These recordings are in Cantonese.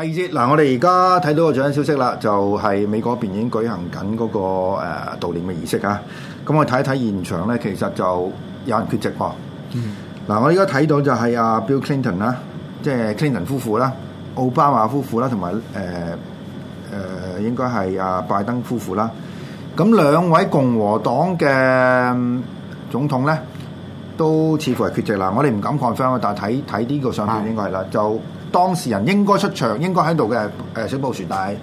第二節嗱，我哋而家睇到個最新消息啦，就係、是、美國嗰已經舉行緊嗰、那個悼念嘅儀式啊！咁我睇一睇現場咧，其實就有人缺席喎。嗯。嗱、嗯，我而家睇到就係阿、啊、Bill Clinton 啦，即係 Clinton 夫婦啦 o 巴 a 夫婦啦，同埋誒誒應該係阿拜登夫婦啦。咁兩位共和黨嘅總統咧，都似乎係缺席啦。我哋唔敢 confirm，但係睇睇呢個相片應該係啦，啊、就。當事人應該出場，應該喺度嘅誒小布什，但係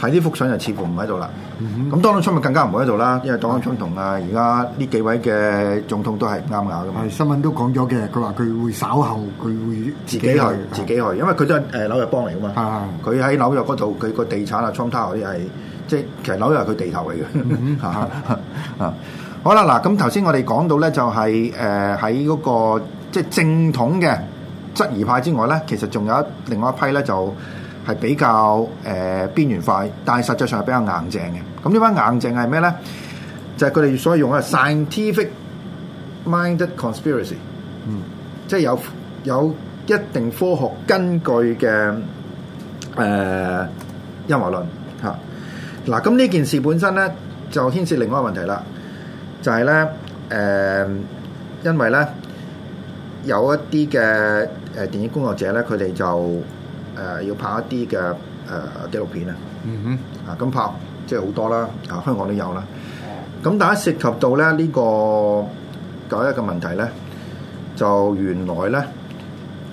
睇啲幅相就似乎唔喺度啦。咁當選出面更加唔喺度啦，因為當選總統啊，而家呢幾位嘅總統都係唔啱咬嘅。係新聞都講咗嘅，佢話佢會稍後佢會自己去，自己去，因為佢都係誒紐約幫嚟啊嘛。佢喺紐約嗰度，佢個地產啊、倉塔嗰啲係即係其實紐約係佢地頭嚟嘅。啊，好啦，嗱，咁頭先我哋講到咧，就係誒喺嗰個即係正統嘅。質疑派之外咧，其實仲有一另外一批咧，就係比較誒邊緣化，但係實際上係比較硬淨嘅。咁呢班硬淨係咩咧？就係佢哋所謂用嘅 scientific-minded conspiracy，嗯，即係有有一定科學根據嘅誒陰謀論嚇。嗱，咁呢件事本身咧就牽涉另外一個問題啦，就係咧誒，因為咧有一啲嘅。誒電影工作者咧，佢哋就誒、呃、要拍一啲嘅誒紀錄片，mm hmm。啊。嗯哼。啊，咁拍即係好多啦，啊香港都有啦。咁但家涉及到咧呢，這個九一一嘅問題咧，就原來咧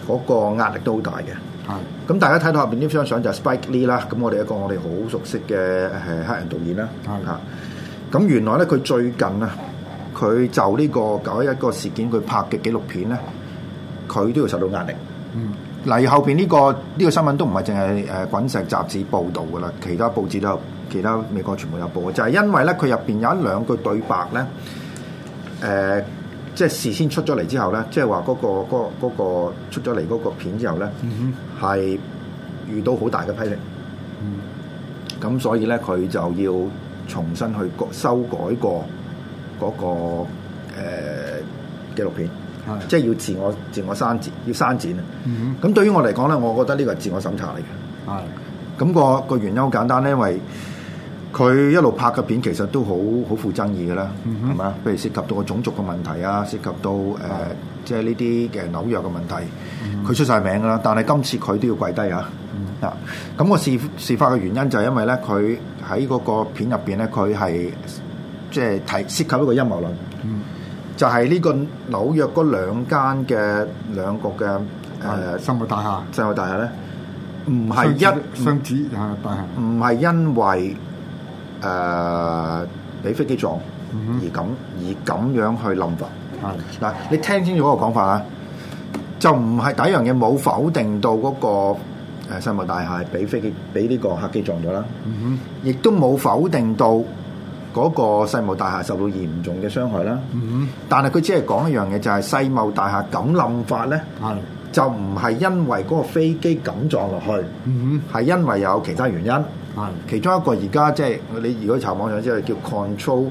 嗰，那個壓力都好大嘅。係的。咁，啊，大家睇到下邊呢張相就 Spike Lee 啦，啊，咁我哋一個我哋好熟悉嘅誒黑人導演啦。係的。咁，啊，原來咧佢最近啊，佢就呢個九一一個事件佢拍嘅紀錄片咧。佢都要受到壓力嗯、這個。嗯，例如後邊呢個呢個新聞都唔係淨係誒《滾石》雜誌報導噶啦，其他報紙都、有，其他美國全部有報，就係因為咧佢入邊有一兩句對白咧，誒、呃，即係事先出咗嚟之後咧，即係話嗰個嗰、那個那個、出咗嚟嗰個片之後咧，嗯哼，係遇到好大嘅批評。嗯，咁所以咧佢就要重新去修改過嗰、那個誒、呃、紀錄片。即係要自我自我刪剪，要刪剪啊！咁對於我嚟講咧，我覺得呢個係自我審查嚟嘅。係，咁個個原因好簡單咧，因為佢一路拍嘅片其實都好好富爭議噶啦，係嘛？譬如涉及到個種族嘅問題啊，涉及到誒，即係呢啲嘅紐約嘅問題，佢出晒名噶啦。但係今次佢都要跪低啊！啊，咁個事事發嘅原因就係因為咧，佢喺嗰個片入邊咧，佢係即係提涉及一個陰謀論。就係呢個紐約嗰兩間嘅兩局嘅誒生物大廈，生物大廈咧，唔係一雙子啊大廈，唔係因為誒俾飛機撞而咁而咁樣去冧嘅。係嗱，你聽清楚嗰個講法啊，就唔係第一樣嘢冇否定到嗰個誒生物大廈俾飛機俾呢個客機撞咗啦，嗯哼，亦都冇否定到。嗰個世貿大廈受到嚴重嘅傷害啦，mm hmm. 但係佢只係講一樣嘢，就係世貿大廈咁冧法咧，mm hmm. 就唔係因為嗰個飛機咁撞落去，係、mm hmm. 因為有其他原因。Mm hmm. 其中一個而家即係你如果查網上即係叫 control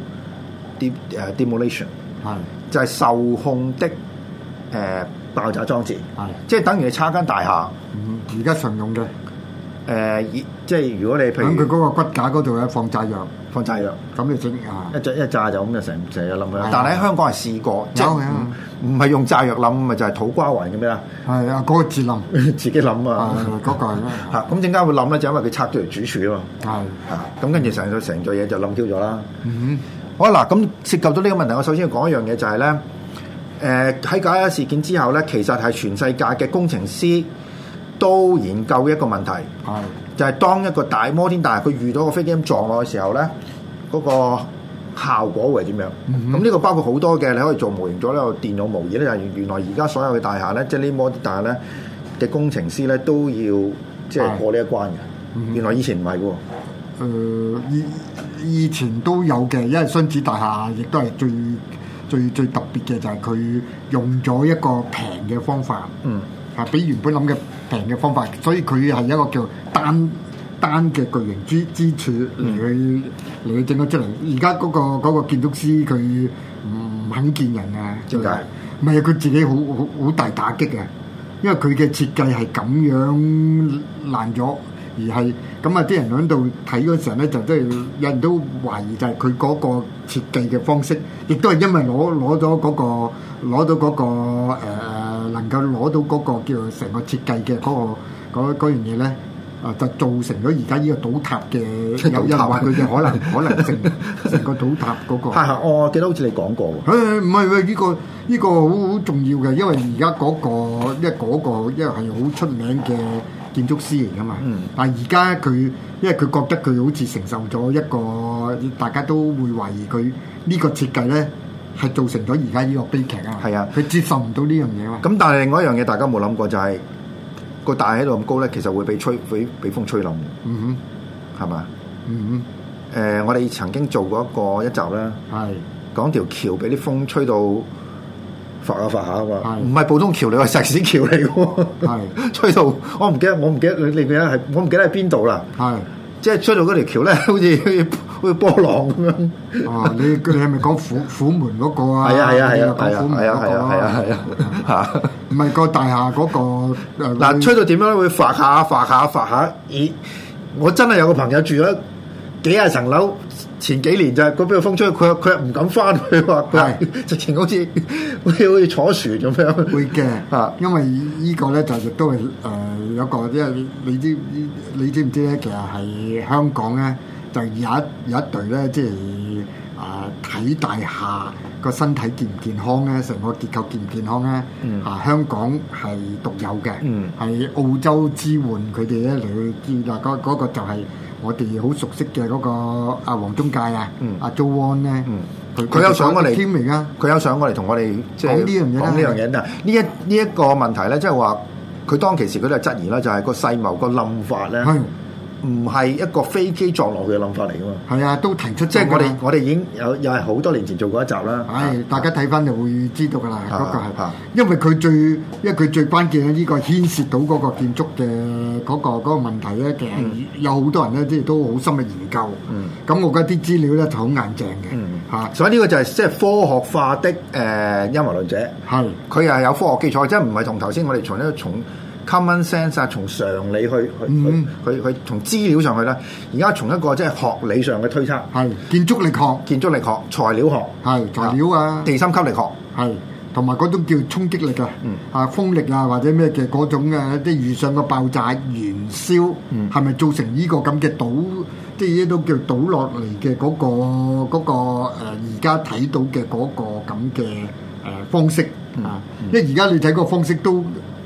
de 誒、uh, demolition，、mm hmm. 就係受控的誒、呃、爆炸裝置，mm hmm. 即係等於係拆間大廈。而家、mm hmm. 常用嘅誒、呃，即係如果你譬如，佢嗰個骨架嗰度有放炸藥，藥。放炸藥，咁你整一隻一炸就咁就成成日冧啦。的但係喺香港係試過，有唔係用炸藥冧，咪就係、是、土瓜環嘅咩啦？係啊，嗰個自冧，自己冧啊，嗰個嚇咁點解會冧咧，就因為佢拆咗條主柱啊嘛。係嚇，咁跟住成座成座嘢就冧焦咗啦。好啦，咁涉及到呢個問題，我首先要講一樣嘢就係、是、咧，誒喺九一一事件之後咧，其實係全世界嘅工程師都研究一個問題。係。就係當一個大摩天大廈佢遇到個飛機咁撞落嘅時候咧，嗰、那個效果會係點樣？咁呢、mm hmm. 個包括好多嘅，你可以做模型咗，呢做電腦模擬咧，就原來而家所有嘅大廈咧，即係呢摩天大廈咧嘅工程師咧，都要即係過呢一關嘅。Mm hmm. 原來以前唔係喎。誒、呃，以以前都有嘅，因為新子大廈亦都係最最最特別嘅，就係佢用咗一個平嘅方法，啊、mm，hmm. 比原本諗嘅。平嘅方法，所以佢係一個叫單單嘅巨型之之柱嚟去嚟去整咗出嚟。而家嗰個嗰個建築師，佢唔肯見人啊，唔係佢自己好好好大打擊啊，因為佢嘅設計係咁樣爛咗，而係咁啊！啲人響度睇嗰時候咧，就真係有人都懷疑就係佢嗰個設計嘅方式，亦都係因為攞攞咗嗰個攞咗嗰個誒。呃能夠攞到嗰個叫成個設計嘅嗰，嗰個樣嘢咧，啊就造成咗而家呢個倒塌嘅有有話佢嘅可能， 可，能可能性成個倒塌嗰，嗰個。係我記得好似你講過喎。誒唔係喎，依，哎，依個依，依個好好重要嘅，因為而家嗰個，這個，因為嗰個，嗯、因為係好出名嘅建築師嚟㗎嘛。嗯。但係而家佢因為佢覺得佢好似承受咗一個大家都會懷疑佢呢個設計咧。係造成咗而家呢個悲劇啊！係啊，佢接受唔到呢樣嘢嘛。咁但係另外一樣嘢，大家冇諗過就係個大喺度咁高咧，其實會被吹、會被風吹冧。嗯哼，係咪？嗯哼。誒，我哋曾經做過一個一集啦，係講條橋俾啲風吹到發下發下啊嘛。唔係普通橋，你話石屎橋嚟㗎喎。係吹到我唔記得，我唔記得你哋點解係我唔記得喺邊度啦。係即係吹到嗰條橋咧，好似～好似波浪咁樣。 哦、啊，你佢哋係咪講虎虎門嗰個啊？係啊係啊係啊係啊係啊係啊係啊嚇！唔係、啊、 個大廈嗰、那個。嗱， 吹到點樣會發下發下發下？咦我真係有個朋友住咗幾廿層樓，前幾年就係嗰邊風吹，佢佢又唔敢翻去喎。係是，直情好似 好似好似坐船咁樣。 會驚啊！因為依個咧就亦都係誒、呃、有一個，即係你知你知唔知咧？其實係香港咧。就有一有一隊咧，即係啊睇大廈個身體健唔健康咧，成個結構健唔健康咧，啊香港係獨有嘅，係澳洲支援佢哋咧嚟去，嗱嗰嗰個就係我哋好熟悉嘅嗰個阿黃宗介啊，阿 Joan 咧，佢佢有上過嚟傾嚟噶，佢有上過嚟同我哋即係講呢樣嘢呢樣嘢啦，呢一呢一個問題咧，即係話佢當其時佢都係質疑啦，就係個勢謀個諗法咧。唔係一個飛機撞落去嘅諗法嚟噶嘛？係啊，都提出即係、嗯、我哋我哋已經有又係好多年前做過一集啦。唉，大家睇翻就會知道㗎啦。嗰、啊、個係因為佢最因為佢最關鍵咧，依個牽涉到嗰個建築嘅嗰、那個嗰、那個問題咧、嗯、有好多人咧即係都好深嘅研究。咁、嗯、我覺得啲資料咧就好硬正嘅。嗯、啊、所以呢個就係即係科學化的誒陰謀論者。係是，佢又係有科學基礎，即係唔係同頭先我哋從一從。Common sense 啊，從常理去去去去，從資料上去咧。而家從一個即係學理上嘅推測，係建築力學、建築力學、材料學，係材料啊、地心吸力學，係同埋嗰種叫衝擊力啊，嗯、啊風力啊或者咩嘅嗰種嘅、啊、即啲遇上嘅爆炸燃燒，係咪、嗯、造成呢個咁嘅倒？即、就、係、係、都叫倒落嚟嘅嗰個嗰、嗰個而家睇到嘅嗰個咁嘅誒方式啊、嗯嗯，因為而家你睇嗰個方式都。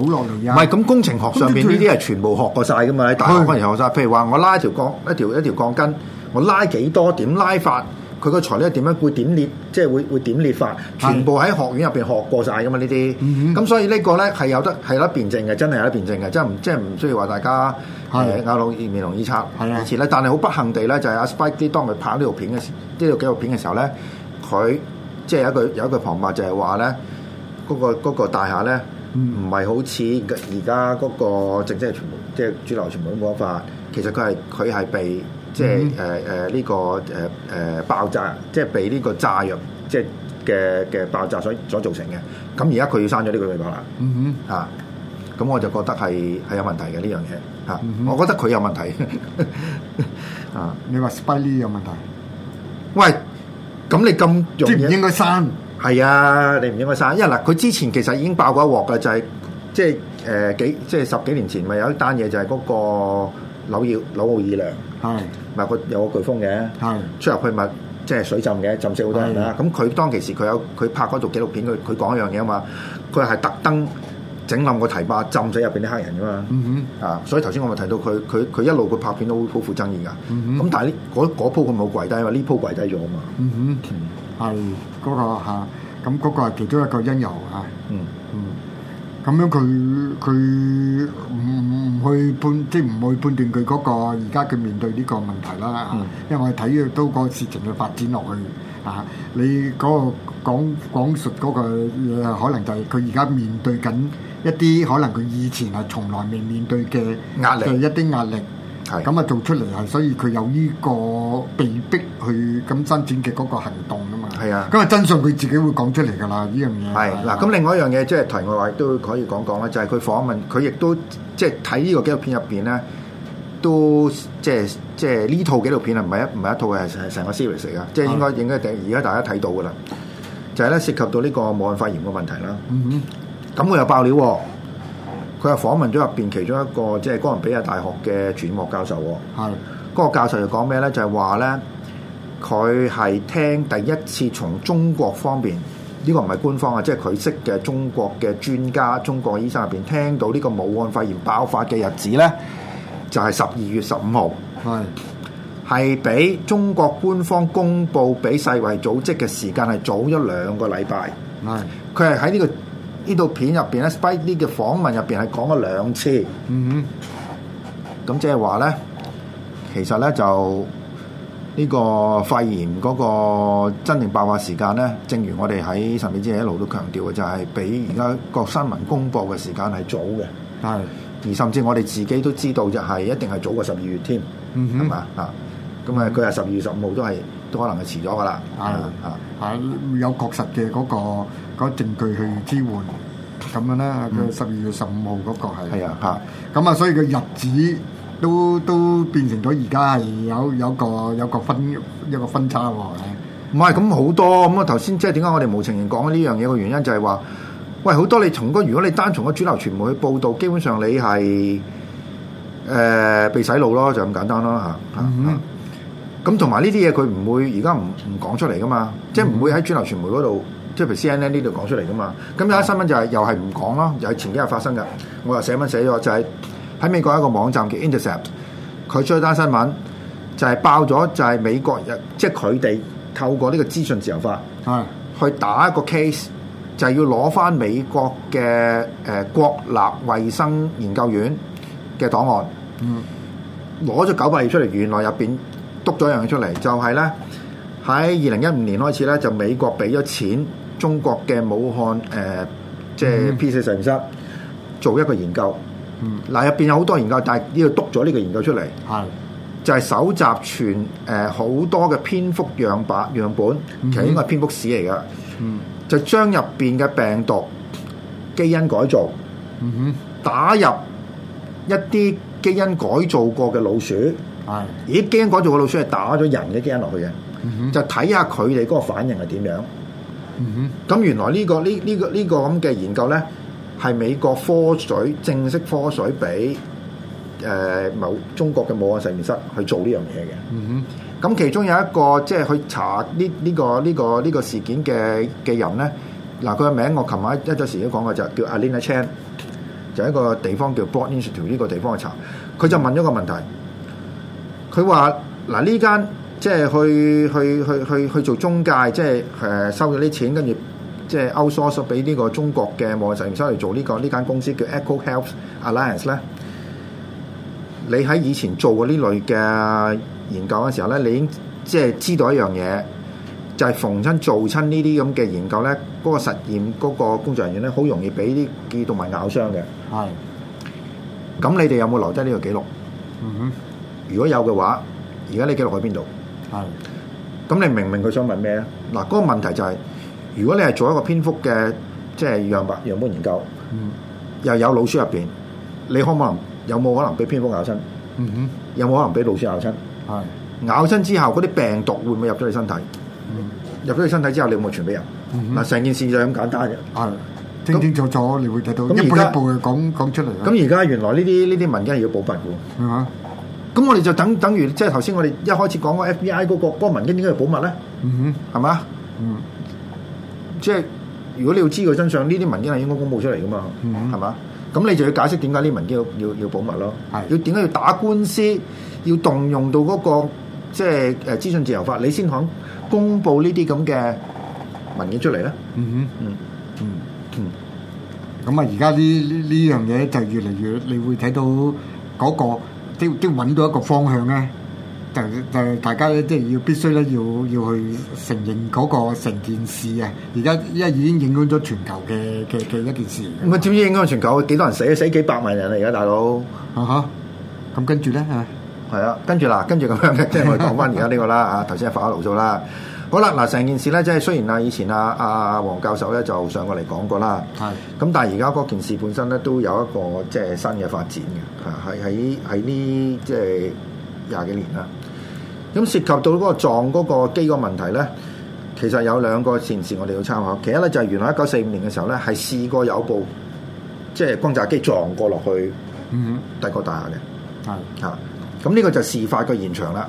唔係咁工程學上邊呢啲係全部學過晒噶嘛？喺大學嗰陣時學曬。的譬如話我拉一條鋼一條一條鋼筋，我拉幾多點拉法，佢個材料點樣會點裂，即係會會點裂法，全部喺學院入邊學過晒噶嘛？呢啲咁所以呢個咧係有得係有得辯證嘅，真係有得辯證嘅，即係唔即係唔需要話大家亞龍面面紅耳赤以前咧。但係好不幸地咧，就係、是、阿 Spike 啲當佢拍呢條片嘅呢條紀錄片嘅時候咧，佢即係有，有一句有一句旁白就係話咧嗰個嗰個大廈咧。唔係 好似而家嗰個正正係全部，即、就、係、是、主流全部都講法。其實佢係佢係被即係誒誒呢個誒誒、呃、爆炸，即係被呢個炸藥即係嘅嘅爆炸所所造成嘅。咁而家佢要刪咗呢個微博啦。嗯哼，啊，咁我就覺得係係有問題嘅呢樣嘢。嚇，嗯、哼我覺得佢有問題。 啊，你話 Spidy 有問題？喂，咁你咁，即係唔應該刪。 係啊，你唔應該刪，因為嗱，佢之前其實已經爆過一鑊㗎，就係、是、即係誒幾即係十幾年前，咪有一單嘢就係嗰個紐約紐奧爾良係，咪、嗯、個有個颶風嘅係，嗯、出入去咪即係水浸嘅，浸死好多人啦。咁佢、嗯、當其時佢有佢拍嗰部紀錄片，佢佢講一樣嘢啊嘛，佢係特登整冧個堤壩，浸死入邊啲黑人㗎嘛。嗯、哼啊，所以頭先我咪提到佢佢佢一路佢拍片都好富爭議㗎。嗯咁哼但係呢嗰鋪佢冇跪低，因為呢鋪跪低咗啊嘛。那個係嗰個咁嗰個係其中一個因由嚇。嗯嗯，咁、嗯、樣佢佢唔去判，即係唔去判斷佢嗰個而家佢面對呢個問題啦。嗯、因為我哋睇到都個事情嘅發展落去啊，你嗰個講,講述嗰個可能就係佢而家面對緊一啲可能佢以前係從來未面對嘅壓力，一啲壓力。咁啊， 做出嚟係，所以佢有呢個被逼去咁伸展嘅嗰個行動啊嘛。係啊，咁啊真相佢自己會講出嚟㗎啦，呢樣嘢。係嗱，咁另外一樣嘢即係題外話都可以講講啦，就係、是、佢訪問佢亦都即係睇呢個紀錄片入邊咧，都即係即係呢套紀錄片係唔係一唔係一套係係成個 series 嚟㗎？即係應該應該第而家大家睇到㗎啦，就係、是、咧涉及到呢個武漢肺炎個問題啦。嗯哼，咁我又爆料喎。佢又訪問咗入邊其中一個即係哥倫比亞大學嘅傳播教授喎，係的，嗰個教授就講咩咧？就係話咧，佢係聽第一次從中國方面，呢個唔係官方啊，即係佢識嘅中國嘅專家、中國醫生入邊聽到呢個武漢肺炎爆發嘅日子咧，就係十二月十五號，係的，係比中國官方公布畀世衛組織嘅時間係早咗兩個禮拜，係的，佢係喺呢個。呢度片入邊咧 Spidey 嘅訪問入邊係講咗兩次，嗯哼，咁即係話咧，其實咧就呢個肺炎嗰個真正爆發時間咧，正如我哋喺上面之前一路都強調嘅，就係、是、比而家各新聞公佈嘅時間係早嘅，係是，而甚至我哋自己都知道就係一定係早過十二月添，嗯哼，係嘛啊，咁啊佢係十二月十五號都係。都可能係遲咗噶啦，啊啊！有確實嘅嗰個嗰個證據去支援咁樣咧，佢十二月十五號嗰個係，係啊，嚇！咁啊，所以個日子都都變成咗而家係有有個有個分有一個分差喎，唔係咁好多咁啊！頭先即係點解我哋無情人講呢樣嘢嘅原因就係話，喂，好多你從嗰如果你單從嗰主流傳媒去報道，基本上你係誒被洗腦咯，就咁簡單咯，嚇嗯哼咁同埋呢啲嘢佢唔會而家唔唔講出嚟噶嘛，即係唔會喺主流傳媒嗰度，即係譬如 C N N 呢度講出嚟噶嘛。咁有一單新聞就係又係唔講咯，又係前幾日發生嘅。我又寫文寫咗就係、是、喺美國一個網站叫 Intercept，佢出一單新聞，就係、是、爆咗就係美國日即係佢哋透過呢個資訊自由化，係去打一個 case，就係要攞翻美國嘅誒、呃、國立衛生研究院嘅檔案，嗯，攞咗九百頁出嚟，原來入邊。篤咗樣嘢出嚟，就係咧喺二零一五年開始咧，就美國俾咗錢中國嘅武漢誒，即、呃、係、就是、P 四實驗室做一個研究。嗯，嗱入邊有好多研究，但係呢度篤咗呢個研究出嚟，係的就係搜集全誒好多嘅蝙蝠樣白樣本，其實應該係蝙蝠屎嚟㗎。嗯，就將入邊嘅病毒基因改造，嗯，嗯打入一啲基因改造過嘅老鼠。啊！咦？驚嗰做個老鼠係打咗人嘅驚落去嘅，嗯、哼就睇下佢哋嗰個反應係點樣。咁、嗯、哼原來呢、這個呢呢、這個呢、這個咁嘅研究咧，係美國科水正式科水俾誒某中國嘅武漢實驗室去做呢樣嘢嘅。咁、嗯、哼其中有一個即係、就是、去查呢、這、呢個呢、這個呢、這個這個事件嘅嘅人咧，嗱佢嘅名我琴晚一陣時都講過，就叫 Alina Chan，就一個地方叫 Broad Institute 呢個地方去查，佢就問咗個問題。佢話：嗱呢間即係去去去去去做中介，即係誒收咗啲錢，跟住即係 outsource 俾呢個中國嘅實驗室嚟做呢、這個呢間公司叫 EcoHealth Alliance 咧。你喺以前做過呢類嘅研究嘅時候咧，你已經即係知道一樣嘢，就係逢親做親呢啲咁嘅研究咧，嗰、那個實驗嗰、那個工作人員咧，好容易俾啲機動物咬傷嘅。係是。咁你哋有冇留低呢個記錄？嗯哼、mm。Hmm. 如果有嘅話，而家你記錄喺邊度？啊，咁你明唔明佢想問咩咧？嗱，嗰個問題就係，如果你係做一個蝙蝠嘅，即係樣本樣本研究，又有老鼠入邊，你可唔可能有冇可能俾蝙蝠咬親？嗯哼，有冇可能俾老鼠咬親？係咬親之後，嗰啲病毒會唔會入咗你身體？入咗你身體之後，你有冇傳俾人？嗱，成件事就咁簡單嘅。係清清楚楚，你會睇到一步一步講講出嚟。咁而家原來呢啲呢啲文件係要保密嘅，係咁我哋就等等於即係頭先我哋一開始講嗰 FBI 嗰個嗰個文件點解要保密咧？嗯哼，係嘛？嗯，即係如果你要知佢真相，呢啲文件係應該公佈出嚟噶嘛？嗯哼，係嘛？咁你就要解釋點解呢啲文件要要保密咯？係要點解要打官司，要動用到嗰個即係誒資訊自由法，你先肯公佈呢啲咁嘅文件出嚟咧？嗯哼，嗯嗯嗯，咁啊而家呢呢呢樣嘢就越嚟越，你會睇到嗰個。即即揾到一個方向咧，就就係、大家咧即係要必須咧要要去承認嗰個成件事啊！而家因為已經影響咗全球嘅嘅嘅一件事。咁啊，點知，知影響全球？幾多人死啊？死幾百萬人啊！而家大佬啊嚇，咁、嗯、跟住咧嚇，係啊，跟住嗱，跟住咁樣嘅，即係我哋講翻而家呢個啦嚇，頭先係發咗牢騷啦。好啦，嗱成件事咧，即係雖然啊，以前啊啊黃教授咧就上過嚟講過啦，係咁，但係而家嗰件事本身咧都有一個即係新嘅發展嘅，嚇，喺喺喺呢即係廿幾年啦。咁、嗯、涉及到嗰個撞嗰個機個問題咧，其實有兩個前事我哋要參考。其一咧就係、是、原來一九四五年嘅時候咧係試過有部即係轟炸機撞過落去，嗯嗯哼，帝國大廈嘅，係嚇。咁呢個就事發嘅現場啦。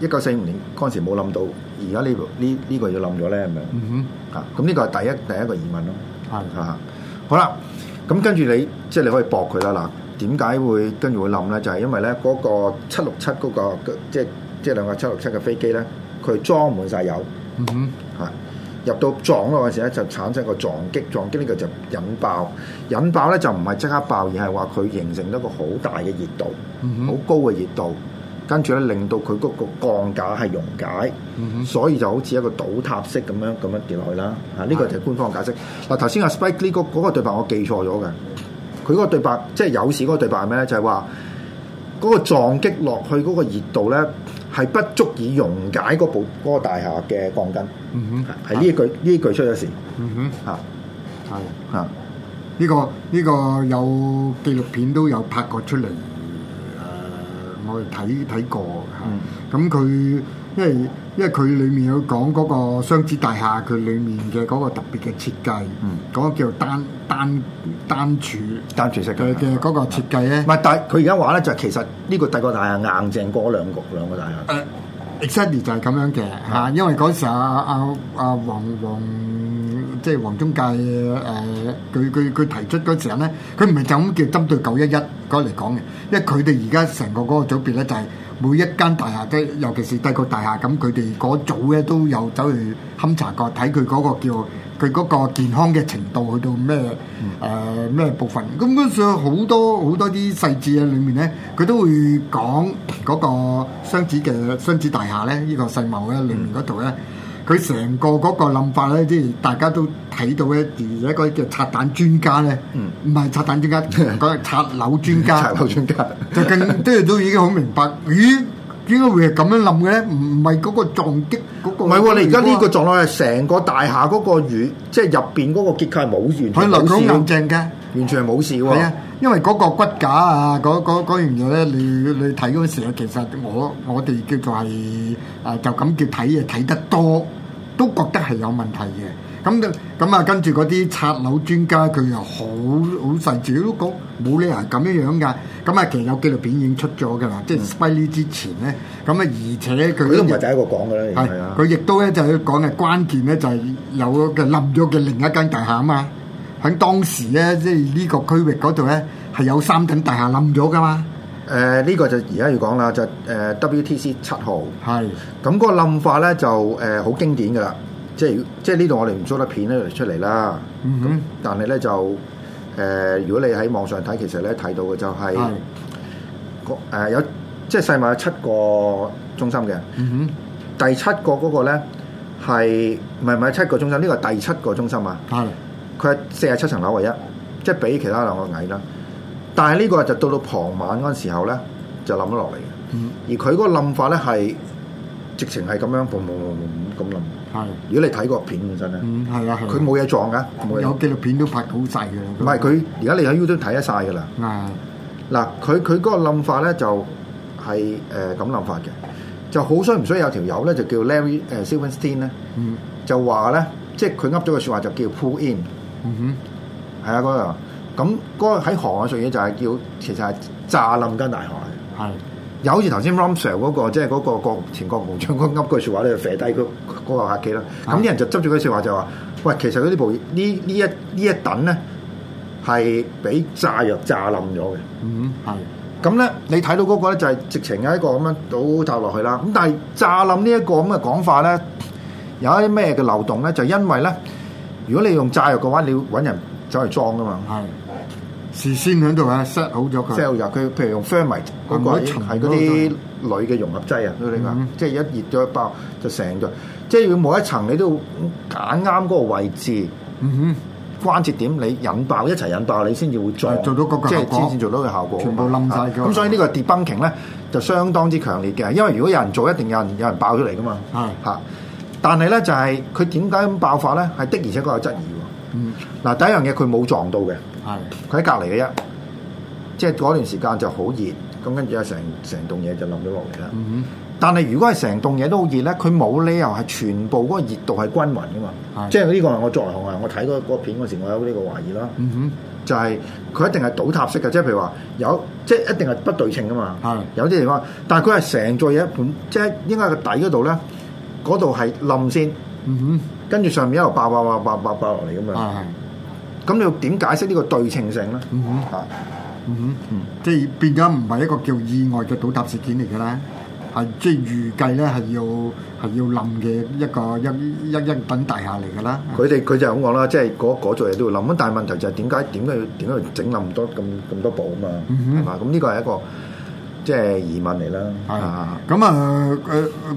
一九四五年嗰陣時冇冧到，而家呢呢呢個要冧咗咧，係咪？嗯哼，啊，咁呢個係第一第一個疑問咯。嗯哼，啊，好啦，咁跟住你即係你可以駁佢啦。嗱，點解會跟住會冧咧？就係因為咧嗰個七六七嗰個即係即係兩個七六七嘅飛機咧，佢裝滿晒油。嗯哼，啊，入到撞嗰陣時咧，就產生個撞擊，撞擊呢個就引爆，引爆咧就唔係即刻爆，而係話佢形成一個好大嘅熱度，好高嘅熱度。嗯跟住咧，令到佢嗰個鋼架係溶解，嗯、哼所以就好似一個倒塌式咁樣咁樣跌落去啦。啊，呢、呢個就係官方解釋。嗱、啊，頭先阿 Spike 呢個嗰個對白我記錯咗嘅，佢嗰個對白即係有時嗰個對白係咩咧？就係話嗰個撞擊落去嗰個熱度咧，係不足以溶解嗰部嗰、嗰個、大廈嘅鋼筋。嗯哼，係呢一句呢一、啊、句出咗事。嗯哼，嚇係嚇，呢、啊呢個呢、呢個有紀錄片都有拍過出嚟。我哋睇睇過，嚇、嗯，咁佢、嗯、因為因為佢裏面有講嗰個雙子大廈，佢裏面嘅嗰個特別嘅設計，嗰、嗯、個叫單單單柱單柱式嘅嘅嗰個設計咧。唔係、嗯、但係佢而家話咧，就係、是、其實呢個帝國大廈硬正過兩個兩個大廈，誒、呃、exactly 就係咁樣嘅吓，因為嗰時阿阿阿黃，黃即係黃忠介誒佢佢佢提出時陣咧，佢唔係就咁叫針對九一一。該嚟講嘅，因為佢哋而家成個嗰個組別咧，就係每一間大廈都，尤其是帝國大廈咁，佢哋嗰組咧都有走去勘查過，睇佢嗰個叫佢嗰個健康嘅程度去到咩誒咩部分。咁本上好多好多啲細節啊，裡面咧佢都會講嗰個雙子嘅雙子大廈咧，呢、這個世貿咧裡面嗰度咧。嗯佢成個嗰個諗法咧，即係大家都睇到咧，而且嗰個叫拆彈專家咧，唔係拆彈專家，講拆樓專家。拆樓專家就更即係都已經好明白。咦？點解會係咁樣諗嘅咧？唔係嗰個撞擊嗰個。唔係喎，你而家呢個撞落去成個大廈嗰個預，即係入邊嗰個結構係冇完。佢攞緊硬證㗎，完全係冇事喎。係啊，因為嗰個骨架啊，嗰嗰嗰樣嘢咧，你你睇嗰陣時啊，其實我我哋叫做係誒，就咁叫睇嘢睇得多。都覺得係有問題嘅，咁就咁啊，跟住嗰啲拆樓專家佢又好好細緻都講冇理由咁樣樣㗎，咁啊其實有紀錄片已經出咗㗎啦，嗯、即係 split 之前咧，咁啊而且佢佢今日就一個講嘅，啦是，係啊，佢亦都咧就係講嘅關鍵咧就係有個冧咗嘅另一間大廈啊嘛，喺當時咧即係呢個區域嗰度咧係有三棟大廈冧咗㗎嘛。誒呢、呃呢個就而家要講啦，嗯、哼 就誒 WTC 七號，係咁嗰個冧法咧就誒好經典嘅啦，即係即係呢度我哋唔做得片咧出嚟啦。嗯但係咧就誒如果你喺網上睇，其實咧睇到嘅就係、是、個是的、呃、有即係世貿有七個中心嘅。嗯、哼 第七個嗰個咧係唔係唔係七個中心？呢個係第七個中心啊，係佢係四十七層樓為一，即係比其，其他兩個矮啦。但係呢個就到到傍晚嗰陣時候咧，就冧咗落嚟嘅。而佢嗰個冧法咧係直情係咁樣，boom boom boom boom 咁冧。係，的如果你睇個片真係，嗯係啦，佢冇嘢撞嘅，有紀錄片都拍好晒嘅。唔係佢，而家你喺 YouTube 睇得晒㗎啦。嗱，佢佢嗰個冧法咧就係誒咁冧法嘅，就好衰唔衰有條友咧就叫 Larry 誒、呃、Silverstein 咧，Silver 呢嗯、就話咧即係佢噏咗個説話就叫 pull in，嗯哼，係啊嗰度。咁嗰喺航海上面就係叫其實係炸冧間大海，係有好似頭先 Ramsar 嗰個即係嗰個國前國務長嗰噏句説話咧，就撇低個客機啦。咁啲的人就執住嗰句説話就話，喂，其實嗰啲部呢呢一呢一等咧係俾炸藥炸冧咗嘅。嗯的，係。咁咧你睇到嗰個咧就係直情有一個咁樣倒砸落去啦。咁但係炸冧呢一個咁嘅講法咧，有一啲咩嘅漏洞咧？就因為咧，如果你用炸藥嘅話，你要揾人走去裝噶嘛。係。事先喺度啊，set 好咗佢 sell 入佢，譬如用 thermite，佢每一層係嗰啲鋁嘅融合劑啊，佢哋話，即係、就是、一熱咗一包，就成咗，即係要每一層你都揀啱嗰個位置，嗯哼，關節點你引爆一齊引爆，你先至會撞，做到個即係展現做到嘅效果，效果全部冧晒咗。咁、啊嗯啊、所以個呢個 debunking 咧就相當之強烈嘅，因為如果有人做，一定有人有人爆出嚟噶嘛，吓、啊。但係咧就係佢點解咁爆發咧、呃？係的而且確有質疑。嗱、嗯，第一樣嘢佢冇撞到嘅。佢喺隔離嘅啫，即係嗰段時間就好熱，咁跟住啊成成棟嘢就冧咗落嚟啦。嗯、哼但係如果係成棟嘢都好熱咧，佢冇理由係全部嗰個熱度係均勻噶嘛。嗯、哼即係呢個係我作為行啊，我睇到嗰片嗰時，我有呢個懷疑啦。嗯、哼就係佢一定係倒塌式嘅，即係譬如話有，即係一定係不對稱噶嘛。嗯、哼有啲地方，但係佢係成座嘢一盤，即、就、係、是、應該係底嗰度咧，嗰度係冧先。嗯、哼跟住上面一路爆爆爆爆爆落嚟咁樣。嗯咁你要點解釋呢個對稱性咧？嗯哼，嚇，嗯哼，即係變咗唔係一個叫意外嘅倒塌事件嚟㗎啦，係即係預計咧係要係要冧嘅一個一一一棟大廈嚟㗎啦。佢哋佢就係咁講啦，即係嗰嗰座嘢都要冧啊！但係問題就係點解點解點解要整咁多咁咁多部啊？嘛，係嘛？咁呢個係一個即係疑問嚟啦。係咁啊，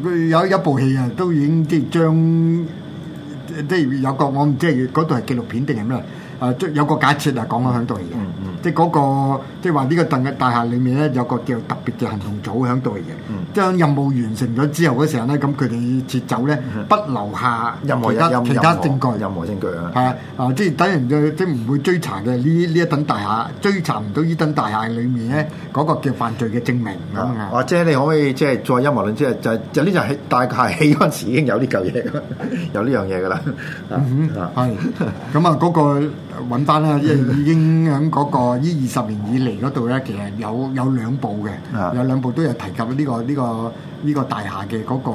誒有一部戲啊，都已經即係將即係有個案，即係嗰度係紀錄片定係咩？誒，有個假設啊，講咗喺度嘅即係嗰個，即係話呢個棟嘅大廈裡面咧，有個叫特別嘅行動組喺度嘅嘢，將任務完成咗之後嗰時候咧，咁佢哋撤走咧，不留下任何其他證據，任何證據啊，係啊，即係等人嘅即係唔會追查嘅呢呢一棟大廈，追查唔到呢棟大廈裡面咧嗰個叫犯罪嘅證明，或者你可以即係再陰謀論，即係就就呢就係大概係開始已經有呢嚿嘢，有呢樣嘢噶啦，咁啊，嗰個。揾翻啦，因為、嗯、已經喺嗰個呢二十年以嚟嗰度咧，其實有有兩部嘅，有兩部、啊、都有提及呢、呢個呢、呢個呢、呢個大廈嘅嗰個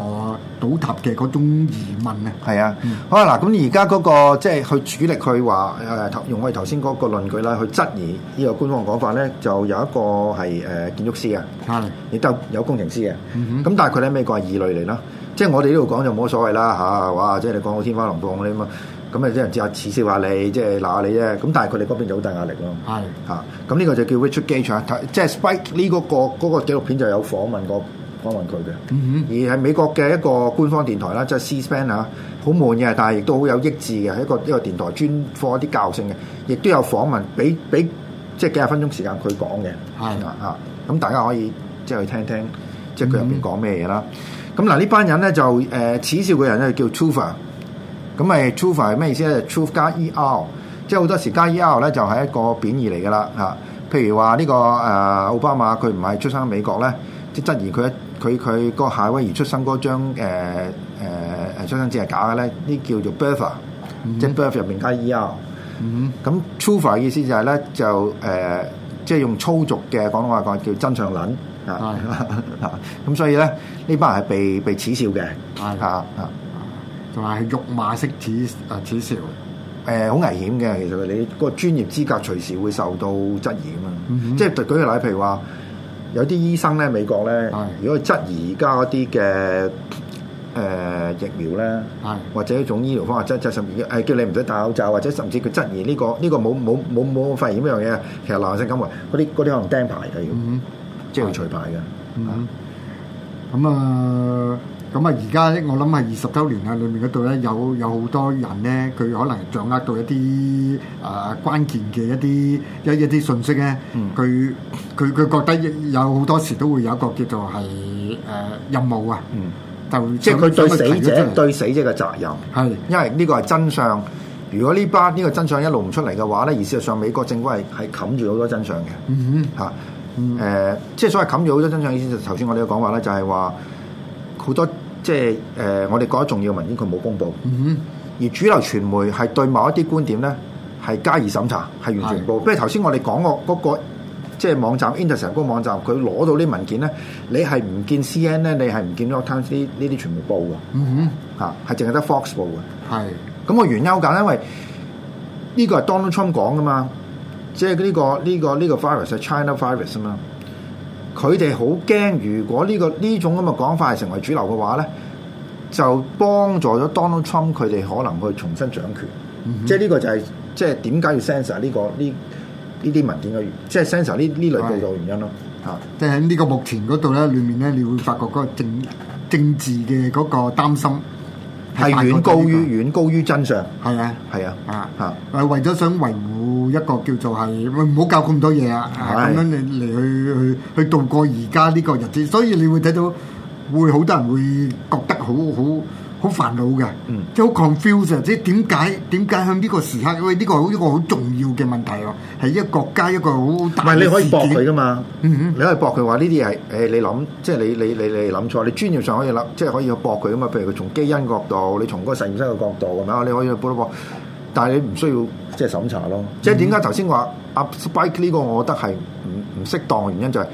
倒塌嘅嗰種疑問啊。係啊、嗯，好啊嗱，咁而家嗰個即係去主力去話誒，用我哋頭先嗰個論據啦，去質疑呢個官方講法咧，就有一個係誒建築師啊，亦都的有工程師嘅。咁、嗯、哼但係佢咧，喺美國係異類嚟啦？即係我哋呢度講就冇乜所謂啦吓、啊，哇！即係你講到天花龍鳳啲嘛～咁咪啲人只係恥笑下你，即係鬧下你啫。咁但係佢哋嗰邊就好大壓力咯。係的啊，咁、這、呢個就叫 Richard Gage 即係 spike 呢嗰、那個嗰、那個紀錄片就有訪問過訪問佢嘅。嗯嗯而係美國嘅一個官方電台啦，即、就、係、是、C-span 啊，好悶嘅，但係亦都好有益智嘅，一個一個電台專科啲教育性嘅，亦都有訪問，俾俾即係幾十分鐘時間佢講嘅。係的啊，咁、啊、大家可以即係、就是、聽聽，即係佢入邊講咩嘢啦。咁嗱、嗯嗯，呢班人咧就誒恥笑嘅人咧叫 truther、呃呃。呃呃呃咁咪 truther 係咩意思咧？truth ER，加 er，即係好多時加 er 咧就係一個貶義嚟噶啦嚇。譬如話呢、呢個誒、呃、奧巴馬佢唔係出生喺美國咧，即係質疑佢佢佢個夏威夷出生嗰張誒誒出生證係假嘅咧，呢叫做 birth、er, mm hmm. 即係 birth 入邊加 er、mm。咁 truther 嘅意思就係、是、咧就誒、呃、即係用粗俗嘅廣東話講叫真相論嚇。咁所以咧呢班人係被被恥笑嘅嚇嚇。啊啊 同埋係辱罵式恥啊恥笑，誒好危險嘅。其實你個專業資格隨時會受到質疑啊嘛，嗯、哼即係舉個例，譬如話有啲醫生咧，美國咧，誰如果質疑而家一啲嘅誒疫苗咧，Saturday day leak  或者一種醫療方法即係即甚至誒叫你唔使戴口罩，或者甚至佢質疑呢個呢個冇冇冇冇發現呢樣嘢，其實難性感冒嗰啲啲可能釘牌嘅，即係要除牌嘅。咁是、嗯、啊～咁啊！而家我諗係二十周年啊，裏面嗰度咧有有好多人咧，佢可能掌握到一啲誒、呃、關鍵嘅一啲一啲信息咧。嗯，佢佢佢覺得有好多時都會有一個叫做係誒、呃、任務啊。嗯，就想即係佢對死者對，對死者嘅責任。係的，因為呢個係真相。如果呢班呢個真相一路唔出嚟嘅話咧，而事實上美國政府係係冚住好多真相嘅。嗯哼，嗯呃、即係所謂冚住好多真相。意思就頭先我哋嘅講話咧，就係話好多。即係誒、呃，我哋覺得重要嘅文件，佢冇公布。Mm hmm. 而主流傳媒係對某一啲觀點咧係加以審查，係完全唔報。譬、mm hmm. 如頭先我哋講、那個嗰、那個即係網站 Intercept 嗰個網站，佢攞到啲文件咧，你係唔見 C N 咧、ok，你係唔見《The Times》呢啲全部報㗎。嚇、mm，係淨係得 Fox 報㗎。係、mm。咁、hmm. 個是原因好簡單。因為呢個係 Donald Trump 講㗎嘛，即係呢、呢個呢、呢個呢、呢個 Virus 係 China Virus 嘛。佢哋好驚，如果呢、呢個呢種咁嘅講法係成為主流嘅話咧，就幫助咗 Donald Trump 佢哋可能去重新掌權，嗯、哼即係呢個就係即係點解要 censor 呢個呢呢啲文件嘅，即係 censor 呢呢類嘅原因咯。吓、啊，即係喺呢個目前度咧，裏面咧，你會發覺個政政治嘅個擔心係遠、這個、高於遠高於真相。係啊，係啊，啊啊，係、啊，為咗想維護。一個叫做係，唔好教咁多嘢啊，咁是的 樣你嚟去去去度過而家呢個日子，所以你會睇到會好多人會覺得好好好煩惱嘅，嗯即、啊，即係好 confused，即係點解點解喺呢個時刻？因喂，呢個一個好重要嘅問題咯、啊，係一個國家一個好大嘅事。唔係你可以駁佢噶嘛，你可以駁佢、嗯嗯、話呢啲係，誒、哎、你諗，即係你你你你諗錯，你專業上可以諗，即係可以去駁佢啊嘛。譬如佢從基因角度，你從嗰個成身嘅角度係咪你，你可以去搏一搏。但係你唔需要即係審查咯，即係點解頭先話阿 Spike 呢個我覺得係唔唔適當嘅原因就係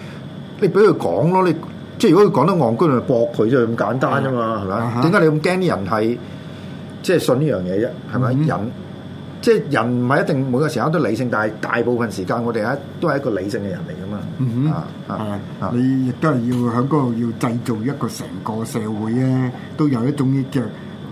你俾佢講咯，你即係、就是、如果佢講得戇居、啊啊，就駁佢就咁簡單啫嘛，係咪？點解你咁驚啲人係即係信呢樣嘢啫？係咪？人即係人唔係一定每個時候都理性，但係大部分時間我哋一都係一個理性嘅人嚟噶嘛。哼，係你亦都係要喺嗰度要製造一個成個社會咧，都有一種嘅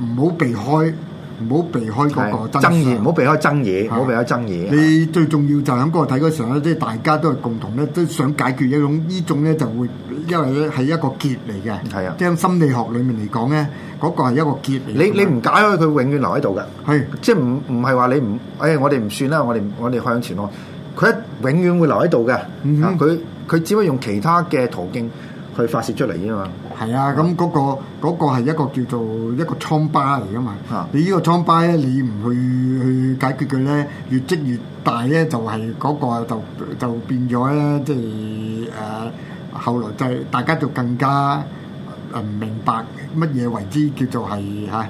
唔好避開。唔好避開嗰個爭議，唔好避開爭議，唔好的避開爭議。的的你最重要就喺嗰個睇嗰時候咧，即係大家都係共同咧，都想解決一種呢種咧，就會因為咧係一個結嚟嘅。係啊的，即係心理學裡面嚟講咧，嗰、嗰個係一個結嚟。你你唔解開，佢永遠留喺度㗎。係的，即係唔唔係話你唔，哎我哋唔算啦，我哋我哋向前咯。佢永遠會留喺度嘅。佢佢、嗯、哼只不過用其他嘅途徑去發泄出嚟啫嘛。係啊，咁嗰、那個嗰係、那個、一個叫做一個瘡疤嚟噶嘛。啊、你個呢個瘡疤咧，你唔去去解決佢咧，越積越大咧，就係、是、嗰個就就變咗咧、就是，即係誒後來就大家就更加唔明白乜嘢為之叫做係嚇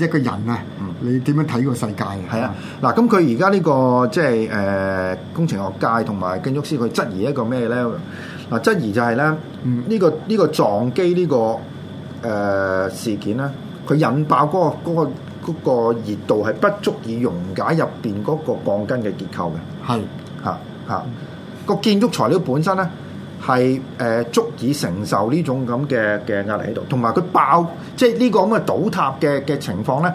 誒一個人啊。嗯、你點樣睇個世界、嗯、啊？係啊、這個，嗱、就是，咁佢而家呢個即係誒工程學界同埋建築師佢質疑一個咩咧？嗱質疑就係咧，呢、嗯這個呢、這個撞擊呢、這個誒、呃、事件咧，佢引爆嗰、那個嗰、那個熱、那個、度係不足以溶解入邊嗰個鋼筋嘅結構嘅，係嚇嚇個建築材料本身咧係誒足以承受呢種咁嘅嘅壓力喺度，同埋佢爆即係呢個咁嘅倒塌嘅嘅情況咧，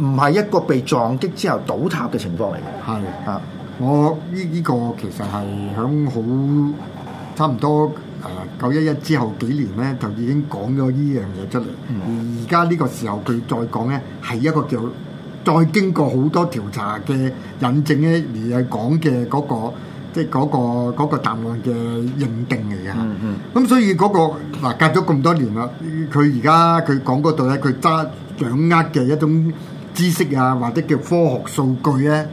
唔係一個被撞擊之後倒塌嘅情況嚟嘅，係啊是，嗯、我呢依、這個其實係響好。差唔多誒，九一一之後幾年咧，就已經講咗呢樣嘢出嚟。嗯、而家呢個時候佢再講咧，係一個叫再經過好多調查嘅引證咧、嗰個，而係講嘅嗰個即係嗰個答案嘅認定嚟嘅。咁、嗯嗯、所以嗰、嗰個嗱隔咗咁多年啦，佢而家佢講嗰度咧，佢揸掌握嘅一種知識啊，或者叫科學數據咧，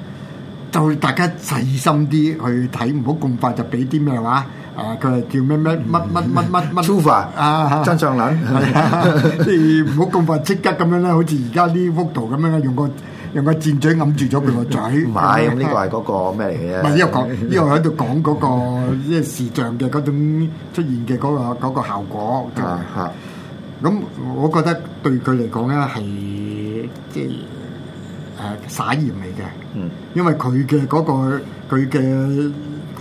就大家細心啲去睇，唔好咁快就俾啲咩話。啊啊！佢係叫咩咩乜乜乜乜乜？舒凡啊，真相林，係啊，即係唔好咁快即刻咁樣啦，好似而家呢幅圖咁樣，用個用個箭嘴揞住咗佢個嘴。唔係，呢個係嗰個咩嚟嘅？唔係，因為講因為喺度講嗰個即係視像嘅嗰種出現嘅嗰個嗰個效果。啊哈！咁我覺得對佢嚟講咧係即係誒灑鹽嚟嘅。嗯，因為佢嘅嗰個佢嘅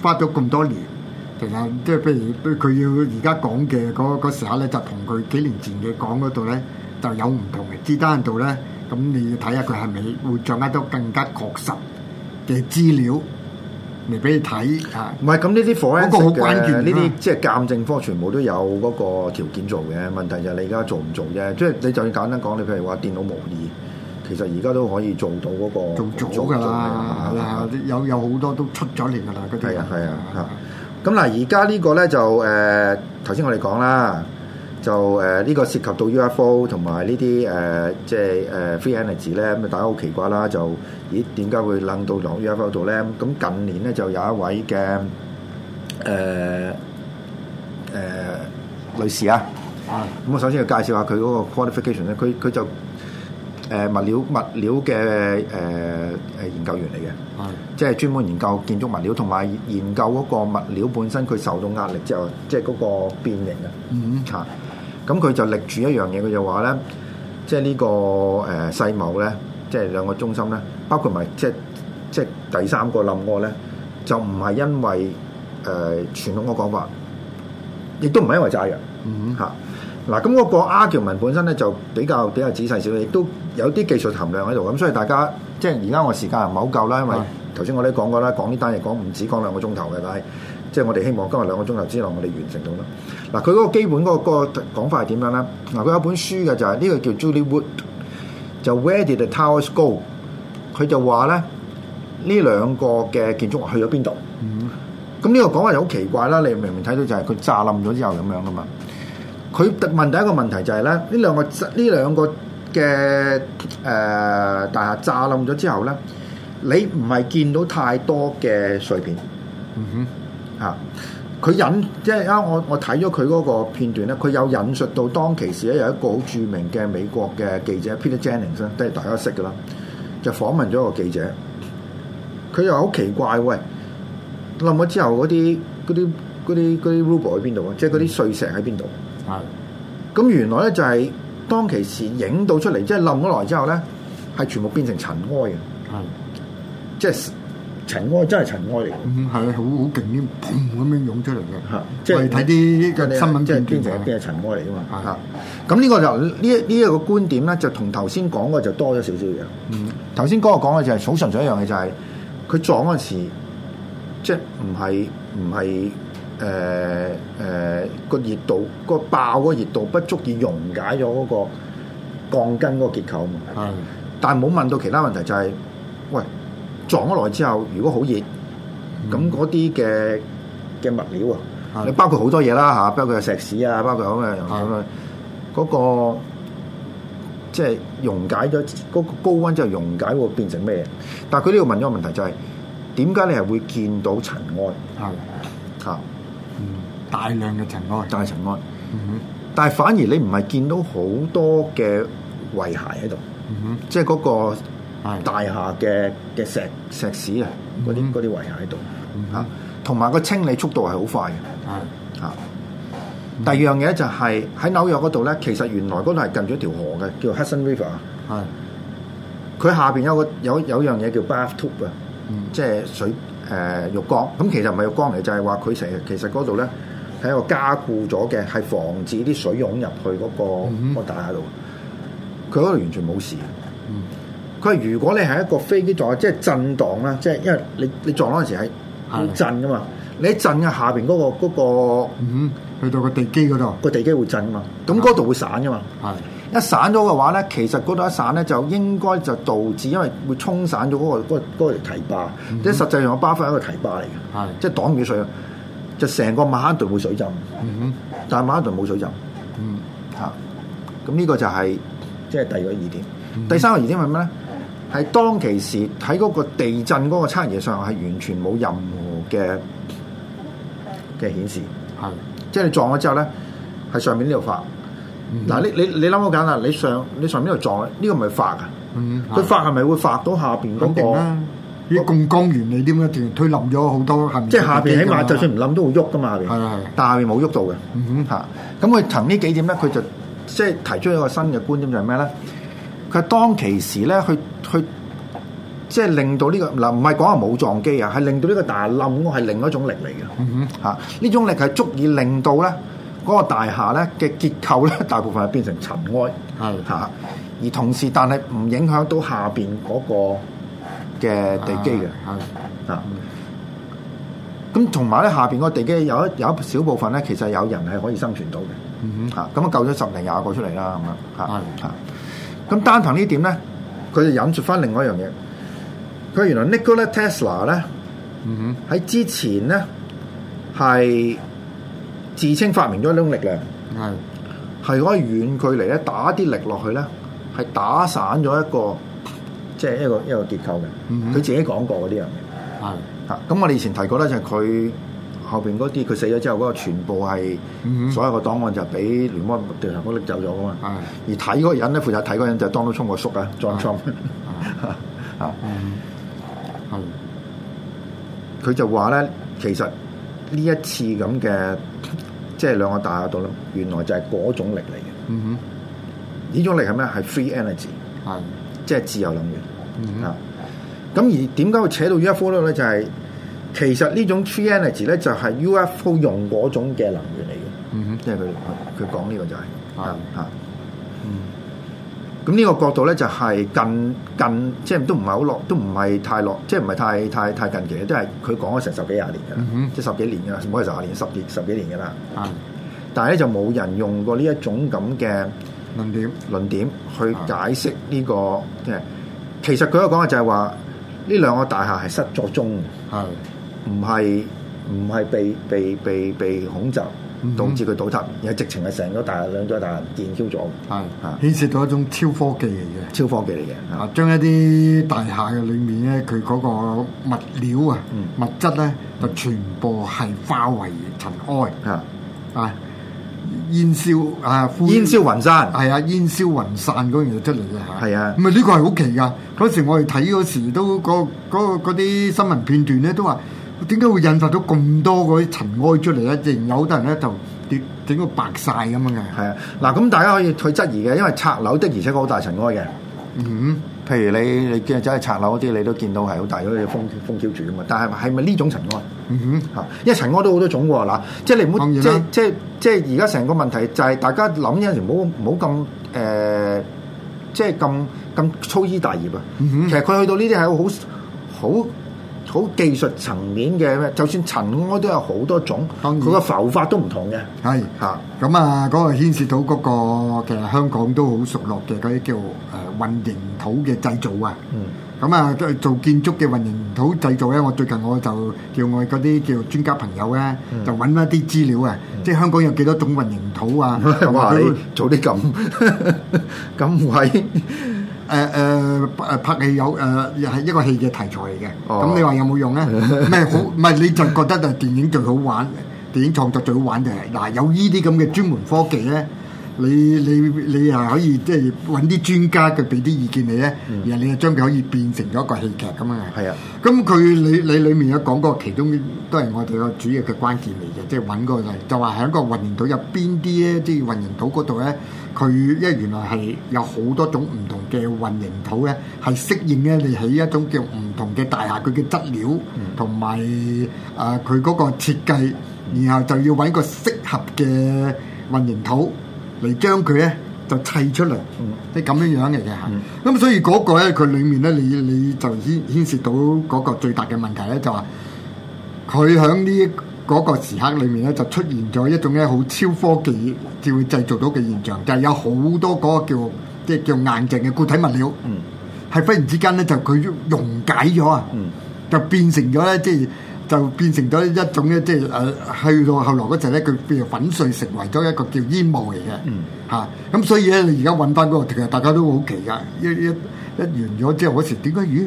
花咗咁多年。其實即係譬如，佢要而家講嘅嗰嗰時候咧，就同佢幾年前嘅講嗰度咧就有唔同嘅，支單度咧，咁你要睇下佢係咪會掌握到更加確實嘅資料嚟俾你睇嚇。唔係咁呢啲，嗰個好關鍵，呢啲即係鑑證科全部都有嗰個條件做嘅。問題就係你做做而家做唔做啫？即、就、係、是、你就要簡單講，你譬如話電腦模擬，其實而家都可以做到嗰、那個做咗㗎啦，做做有有好多都出咗嚟㗎啦，嗰啲係啊係啊嚇。咁嗱，而家呢個咧就誒頭先我哋講啦，就誒呢、呃呃這個涉及到 UFO 同埋呢啲誒、呃、即係誒、呃、free energy 咧，咁咪大家好奇怪啦，就咦點解會楞到落 UFO 度咧？咁近年咧就有一位嘅誒誒女士啊，咁我首先要介紹下佢嗰個 qualification 咧，佢佢就。誒物料物料嘅誒誒研究員嚟嘅，Yes. 即係專門研究建築物料同埋研究嗰個物料本身，佢受到壓力之後，即係嗰個變形啊、mm. 嗯！嗯，嚇、嗯，咁、嗯、佢就力住一樣嘢，佢就話咧，即、就、係、是這個呃、呢個誒世貿咧，即、就、係、是、兩個中心咧，包括埋即即第三個冧殼咧，就唔係因為誒傳統嗰講法，亦都唔係因為炸藥。嗯，嚇、嗯，嗱，咁嗰個 argument 本身咧就比較比較仔細少少，亦都。有啲技術含量喺度咁，所以大家即係而家我時間唔係好夠啦，因為頭先我哋講過啦，講呢單嘢講唔止講兩個鐘頭嘅，但係即係我哋希望今日兩個鐘頭之內我哋完成到啦。嗱，佢嗰個基本嗰個講法係點樣咧？嗱，佢有一本書嘅就係呢個叫 Judy Wood，就 Where Did The Towers Go？佢就話咧，呢兩個嘅建築物去咗邊度？咁呢個講法就好奇怪啦！你明明睇到就係佢炸冧咗之後咁樣噶嘛？佢問第一個問題就係咧，呢兩個呢兩個。嘅誒大廈炸冧咗之後咧，你唔係見到太多嘅碎片，嗯哼嚇。佢、hmm. 啊、引即係啱我我睇咗佢嗰個片段咧，佢有引述到當其時咧，有一個好著名嘅美國嘅記者 Peter Jennings 都係大家識嘅啦，就訪問咗一個記者。佢又好奇怪喂，冧咗之後嗰啲嗰啲嗰啲嗰啲 rubble 喺邊度啊？即係嗰啲碎石喺邊度？係咁、mm hmm. 原來咧就係、是。當其時影到出嚟，即係冧咗落嚟之後咧，係全部變成塵埃嘅，即係塵埃，真係塵埃嚟。嗯，係，好好勁添，砰咁樣湧出嚟嘅。嚇，即係睇啲新聞片段，即係塵埃嚟㗎嘛。嚇，咁呢個就呢一呢一個觀點咧，就同頭先講嘅就多咗少少嘢。嗯，頭先嗰個講嘅就係好純粹一樣嘢，就係佢撞嗰時，即係唔係唔係。誒誒、呃呃、個熱度個爆個熱度不足以溶解咗嗰個鋼筋嗰個結構啊嘛，是的 但係冇問到其他問題就係、是，喂撞咗落嚟之後，如果好熱，咁嗰啲嘅嘅物料啊，你是的 包括好多嘢啦嚇，包括有石屎啊，包括咁嘅咁嘅嗰個即係、就是、溶解咗嗰、那個高溫之後溶解會變成咩嘢？但係佢呢度問咗個問題就係、是，點解你係會見到塵埃？係的，嚇。大量嘅塵埃，就係塵埃。但係反而你唔係見到好多嘅遺骸喺度，即係嗰個大廈嘅嘅石石屎啊，嗰啲嗰啲遺骸喺度吓，同埋個清理速度係好快嘅。吓，第二樣嘢就係喺紐約嗰度咧，其實原來嗰度係近咗條河嘅，叫 Hudson River 啊。係，佢下邊有個有有樣嘢叫 bathtub 啊，即係水。誒，浴缸，咁其實唔係浴缸嚟，就係話佢成日。其實嗰度咧係一個加固咗嘅，係防止啲水湧入去嗰個個大廈度。佢嗰度完全冇事。佢、嗯、如果你係一個飛機撞，即係震盪啦，即係因為你你撞嗰陣時係震噶嘛，的你一震嘅下邊嗰、嗰個、嗰個嗯、去到個地基嗰度，個地基會震嘛，咁嗰度會散噶嘛。的一散咗嘅話咧，其實嗰度一散咧就應該就導致，因為會沖散咗嗰、嗰個嗰、嗰個堤壩，嗰個嗯、哼即係實際上嘅巴伐一個堤壩嚟嘅，即係、嗯、哼擋唔住水，就成個馬克頓會水浸。嗯、哼但係馬克頓冇水浸。嗯，嚇、啊，咁呢個就係即係第二個疑點。嗯、哼第三個疑點係咩咧？係當其時喺嗰個地震嗰個測量儀上係完全冇任何嘅嘅顯示。係，即係你撞咗之後咧，喺上面呢度發。嗱，你你你諗好簡單，你上你上邊度撞，呢個唔係發噶，佢發係咪會發到下邊嗰個？依啲槓桿原理點解斷？佢冧咗好多，係咪？即係下邊起碼就算唔冧都會喐噶嘛，下邊。係啊係。但係冇喐到嘅。嗯哼，吓咁佢憑呢幾點咧？佢就即係提出一個新嘅觀點，就係咩咧？佢當其時咧，去去即係令到呢個嗱，唔係講話冇撞機啊，係令到呢個大冧係另一種力嚟嘅。嗯哼，吓呢種力係足以令到咧。嗰個大廈咧嘅結構咧，大部分係變成塵埃，係嚇的。而同時，但係唔影響到下邊嗰個嘅地基嘅，係嚇、啊。咁同埋咧，下邊個地基有一有一小部分咧，其實有人係可以生存到嘅，嗯、哼嚇。咁啊救咗十零廿個出嚟啦，咁樣嚇嚇。咁單憑呢點咧，佢就引述翻另外一樣嘢。佢原來尼古拉特斯拉咧，嗯哼，喺之前咧係。自稱發明咗一種力量，係可以遠距離咧打啲力落去咧，係打散咗一個即係一個一個結構嘅。佢自己講過嗰啲人。係啊，咁我哋以前提過咧，就係佢後邊嗰啲，佢死咗之後嗰個全部係所有個檔案就俾聯邦調查局拎走咗噶嘛。而睇嗰人咧，負責睇嗰人就 Donald Trump 個叔啊，John 啊。佢就話咧，其實。呢一次咁嘅，即係兩個大嘅度，咧，原來就係嗰種力嚟嘅。嗯哼、mm，呢、hmm. 種力係咩？係 free energy，係、mm hmm. 即係自由能源。嗯咁、mm hmm. 啊、而點解會扯到 UFO 咧？就係、是、其實呢種 free energy 咧，就係 UFO 用嗰種嘅能源嚟嘅。嗯哼、mm，hmm. 即係佢佢講呢個就係、是、啊、mm hmm. 啊。啊咁呢個角度咧，就係近近，即係都唔係好落，都唔係太落，即係唔係太太太近期嘅，都係佢講咗成十幾廿年嘅，嗯、哼即係十幾年嘅，唔好係十廿年、十幾年、十幾年嘅啦。啊、嗯！但係咧就冇人用過呢一種咁嘅論點論點去解釋呢、這個嘅。嗯、其實佢所講嘅就係話，呢兩個大廈係失咗蹤，係唔係唔係被被被被恐襲？導致佢倒塌，而係直情係成咗大兩座大廈燒咗，係啊，牽涉到一種超科技嚟嘅，超科技嚟嘅，啊，將一啲大廈嘅裏面咧，佢嗰個物料啊，嗯、物質咧，就全部係化為塵埃，啊啊，煙消啊，煙消雲散，係啊，煙消雲散嗰樣嘢出嚟嘅嚇，係啊，咁啊呢、啊這個係好奇㗎，嗰時我哋睇嗰時都嗰啲新聞片段咧都話。點解會引發到咁多嗰啲塵埃出嚟咧？而有好多人咧就跌整個白晒咁樣嘅。係啊，嗱咁大家可以去質疑嘅，因為拆樓的而且確好大塵埃嘅。嗯哼，譬如你你嘅真係拆樓嗰啲，你都見到係好大嗰啲風風橋柱嘅嘛。但係係咪呢種塵埃？嗯因為塵埃都好多種喎。嗱，即係你唔好即係即係即係而家成個問題就係大家諗有陣時唔好唔好咁誒，即係咁咁粗枝大葉啊。其實佢去到呢啲係好好。好技術層面嘅，就算塵埃都有好多種，佢個然浮法都唔同嘅。係嚇，咁啊，嗰、那個牽涉到嗰、那個其實香港都好熟絡嘅嗰啲叫誒混凝土嘅製造啊。嗯。咁啊，做建築嘅混凝土製造咧，我最近我就叫我嗰啲叫專家朋友咧，嗯、就揾一啲資料啊，嗯、即係香港有幾多種混凝土啊？咁 你做啲咁咁鬼。 誒誒誒拍戲有誒，又、呃、係一個戲嘅題材嚟嘅。咁、oh. 你話有冇用咧？咩 好唔係你就覺得就電影最好玩，電影創作最好玩就係、是、嗱、啊，有呢啲咁嘅專門科技咧，你你你啊可以即係揾啲專家佢俾啲意見你咧，mm. 然後你又將佢可以變成咗一個戲劇咁啊。係啊，咁佢、mm. 你你裡面有講過，其中都係我哋個主要嘅關鍵嚟嘅，即係揾嗰個就係就話喺個雲人島入邊啲咧，即、就、係、是、雲人島嗰度咧。佢一原來係有好多種唔同嘅混凝土咧，係適應咧你起一種叫唔同嘅大廈，佢嘅質料同埋啊佢嗰個設計，然後就要揾個適合嘅混凝土嚟將佢咧就砌出嚟，即咁、嗯、樣樣嚟嘅嚇。咁、嗯、所以嗰個咧佢裡面咧你你就牽牽涉到嗰個最大嘅問題咧、這個，就話佢喺呢。嗰個時刻裏面咧就出現咗一種咧好超科技，至會製造到嘅現象，就係、是、有好多嗰個叫即係叫，叫硬淨嘅固體物料，係、嗯、忽然之間咧就佢溶解咗啊，嗯、就變成咗咧即係就變成咗一種咧即係誒去到後來嗰陣咧佢變粉碎成為咗一個叫煙霧嚟嘅，嚇咁、嗯啊、所以咧你而家揾翻嗰個其實大家都好奇噶，一一一完咗之後，嗰時點解魚？咦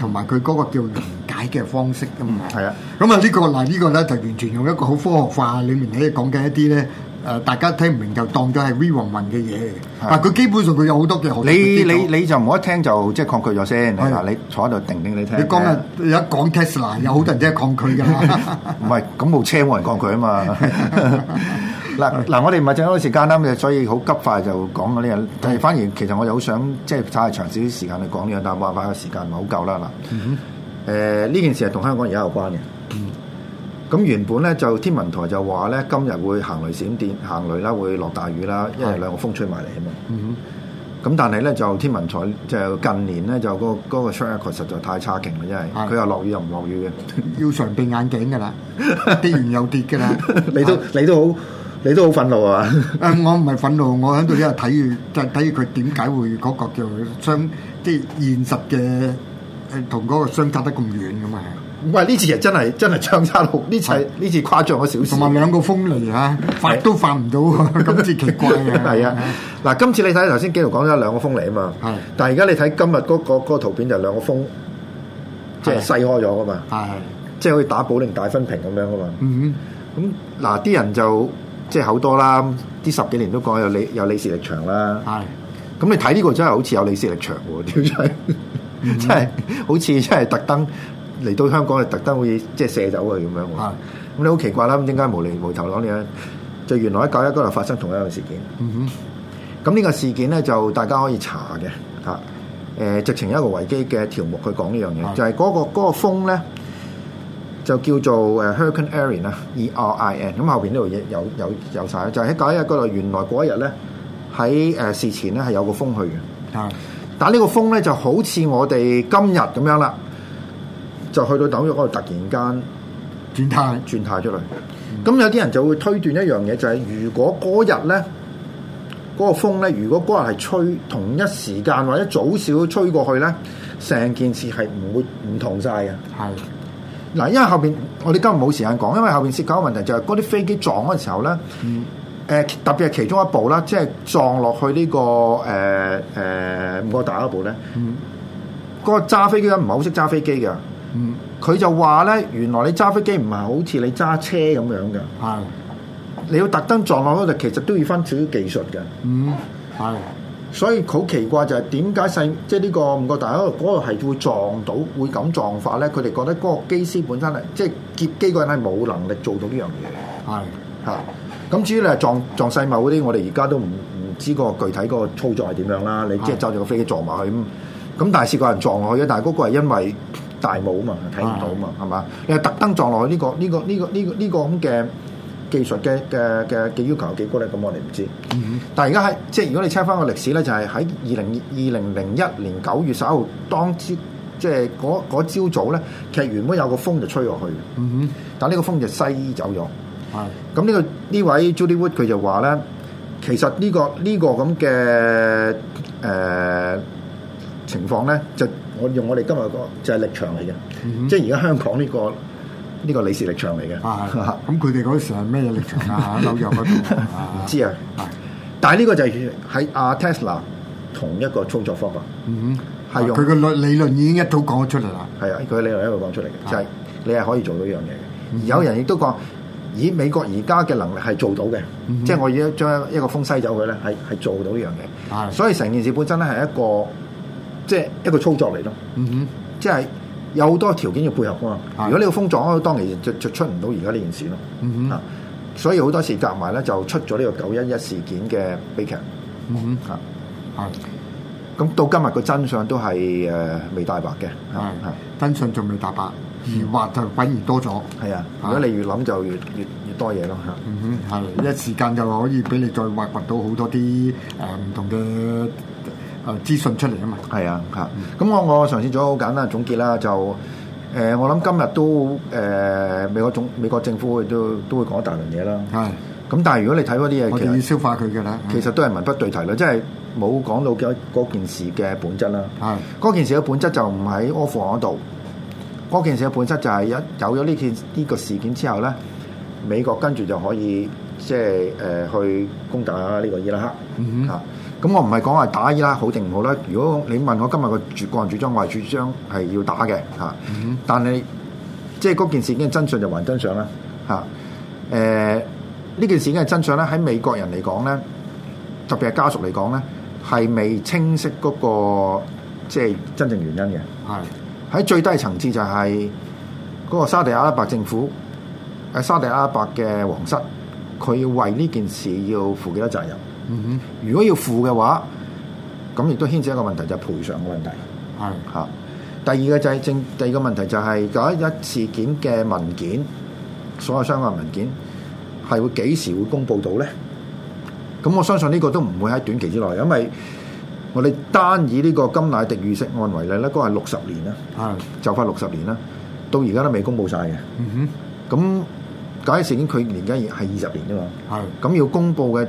同埋佢嗰個叫溶解嘅方式㗎嘛，係、嗯、啊，咁啊、呢個呢個、呢個嗱呢個咧就完全用一個好科學化裡面咧講緊一啲咧誒大家聽唔明就當咗係 wee 黃文嘅嘢，但佢、啊、基本上佢有好多嘅好你你你就唔好一聽就即係抗拒咗先，嗱、啊、你坐喺度定定你聽。你今日一講 Tesla 有好多人即係抗拒㗎嘛？唔 係， 咁部車冇人抗拒啊嘛。 嗱我哋唔係剩多時間啦，咁所以好急快就講嗰啲嘢。但係反而其實我又好想即係太長少少時間去講呢樣，但係冇辦法，時間唔係好夠啦。嗱，誒呢件事係同香港而家有關嘅。咁原本咧就天文台就話咧，今日會行雷閃電、行雷啦，會落大雨啦，因為兩個風吹埋嚟啊嘛。咁但係咧就天文台就近年咧就個嗰個 check 實在太差勁啦，因為佢又落雨又唔落雨嘅，要常備眼鏡㗎啦，跌完又跌㗎啦，你都你都好。你都好憤怒啊！誒，我唔係憤怒，我喺度只係睇住，就睇住佢點解會嗰個叫相，即係現實嘅誒同嗰個相差得咁遠咁嘛。喂、啊，呢次啊真係真係相差好，呢的次呢次誇張咗少少，同埋兩個風嚟啊，發都發唔到啊！的今次奇怪啊！係啊，嗱，今次你睇頭先紀陶講咗兩個風嚟啊嘛，係的。但係而家你睇今日嗰、那個嗰、那個、圖片就兩個風，即係細開咗啊嘛，係。即係好似打保齡大分屏咁樣啊嘛。嗯哼，咁嗱啲人就。嗯即係好多啦，啲十幾年都講有李有李氏力場啦。係，咁你睇呢個真係好似有李氏力場喎，啊，掉出嚟， 真係好似真係特登嚟到香港，特登好似即係射走佢咁樣。咁你好奇怪啦，啊，咁點解無厘無頭講嘢？就原來喺九一嗰度發生同一樣事件。咁呢是的 個事件咧就大家可以查嘅。嚇，啊，誒、呃、直情一個維基嘅條目去講呢樣嘢，就係嗰個嗰個風咧。就叫做誒 Hurricane Erin 啊，E R I N。咁後邊呢度有有有曬，就喺、是、嗰一日嗰度，原來嗰一日咧喺誒事前咧係有個風去嘅。係的，但係呢個風咧就好似我哋今日咁樣啦，就去到等咗嗰度突然間轉態轉態出嚟。咁、嗯、有啲人就會推斷一樣嘢，就係、是、如果嗰日咧嗰個風咧，如果嗰日係吹同一時間或者早少吹過去咧，成件事係唔會唔同晒嘅。係。嗱，因為後邊我哋今日冇時間講，因為後邊涉及嘅問題就係嗰啲飛機撞嘅時候咧，誒、嗯、特別係其中一部啦，即係撞落去呢個誒誒嗰個大部咧，嗰個揸飛機嘅唔係好識揸飛機嘅，佢就話咧原來你揸飛機唔係好似你揸車咁樣嘅，係是的 你要特登撞落嗰度，其實都要翻少少技術嘅，嗯係。所以好奇怪就係點解細即係呢個唔個大喺度嗰個係會撞到會咁撞法咧？佢哋覺得嗰個機師本身係即係劫機嗰人係冇能力做到呢樣嘢。係嚇咁，至於你係撞撞細某嗰啲，我哋而家都唔唔知個具體個操作係點樣啦。你即係揸住個飛機撞埋佢咁。咁但係試過人撞落去啊，但係嗰個係因為大霧啊嘛，睇唔到啊嘛，係嘛？你係特登撞落去呢、呢個呢、呢個呢、呢個呢、呢個呢、呢個咁嘅。呢個呢個呢技術嘅嘅嘅嘅要求有幾高咧？咁我哋唔知。Mm hmm. 但係而家喺即係如果你 check 翻個歷史咧，就係喺二零二零零一年九月十一號當朝即係朝早咧，其實原本有個風就吹落去嘅。但呢個風就西走咗。係、mm。咁、hmm. 呢個、呢個呢位 Judy Wood 佢就話咧，其實呢、呢個呢、呢個咁嘅誒情況咧，就我用我哋今日個就係力場嚟嘅。Mm hmm. 即係而家香港呢、呢個。呢個理事力場嚟嘅，咁佢哋嗰時係咩嘢力場啊？喺度唔知啊，但係呢個就係喺阿 Tesla 同一個操作方法，係用佢嘅理理論已經一套講出嚟啦。係啊，佢理論一路講出嚟嘅，就係你係可以做到呢樣嘢嘅。有人亦都講，以美國而家嘅能力係做到嘅，即係我要將一個風西走佢咧，係係做到呢樣嘢。所以成件事本身咧係一個即係一個操作嚟咯。嗯哼，即係。有好多條件要配合噶嘛，是如果呢個風撞開，當其就就出唔到而家呢件事咯。嗯哼，所以好多時夾埋咧就出咗呢個九一一事件嘅悲劇。嗯哼，係是。咁到今日個真相都係誒、呃、未大白嘅。係係，真相仲未大白，而挖就反而多咗。係、嗯、啊，如果你越諗就越越越多嘢咯。嗯哼，係一時間就可以俾你再挖掘到好多啲誒唔同嘅。啊！資訊出嚟啊嘛，係啊嚇。咁、啊、我我嘗試咗好簡單總結啦，就誒、呃、我諗今日都誒、呃、美國總美國政府都都會講一大輪嘢啦。係、啊。咁但係如果你睇嗰啲嘢，我消化佢嘅啦。啊、其實都係文不對題啦，嗯、即係冇講到嘅嗰件事嘅本質啦。係、啊。嗰件事嘅本質就唔喺阿富汗嗰度。嗰件事嘅本質就係一有咗呢件呢個事件之後咧，美國跟住就可以即係誒、呃、去攻打呢個伊拉克嚇。啊嗯咁我唔係講話打伊拉克好定唔好啦。如果你問我今日個主個人主張，我係主張係要打嘅嚇。但係即係嗰件事件嘅真相就還真相啦嚇。誒呢、呃、件事件嘅真相咧，喺美國人嚟講咧，特別係家屬嚟講咧，係未清晰嗰、嗰個即係真正原因嘅。係喺的最低層次就係嗰個沙地阿拉伯政府，喺沙地阿拉伯嘅皇室，佢要為呢件事要負幾多責任？嗯哼，如果要付嘅話，咁亦都牽涉一個問題，就係賠償嘅問題。係吓是的、啊，第二個就係、是、正第二個問題就係、是，九一一事件嘅文件，所有相關文件係會幾時會公布到咧？咁我相信呢個都唔會喺短期之內，因為我哋單以呢個甘迺迪遇刺案為例咧，嗰係六十年啦，啊，是的 就快六十年啦，到而家都未公布晒嘅。嗯哼是的，咁、那、九一一、個、事件佢年間係二十年啫嘛。係，咁要公布嘅。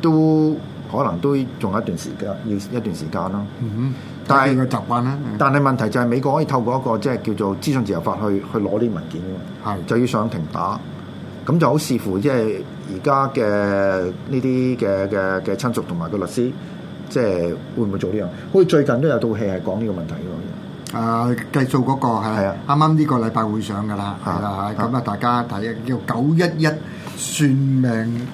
都可能都仲有一段時間，要一段時間咯。嗯、哼但係是個習慣咧。但係問題就係美國可以透過一個即係叫做資訊自由法去去攞啲文件嘅，是的 就要上庭打。咁就好視乎即係而家嘅呢啲嘅嘅嘅親屬同埋個律師，即係會唔會做呢樣？好似最近都有套戲係講呢個問題嘅。誒、呃，繼續嗰、那個係啊，啱啱呢個禮拜會上㗎啦，係啦嚇。咁啊的，大家睇啊叫九一一算命。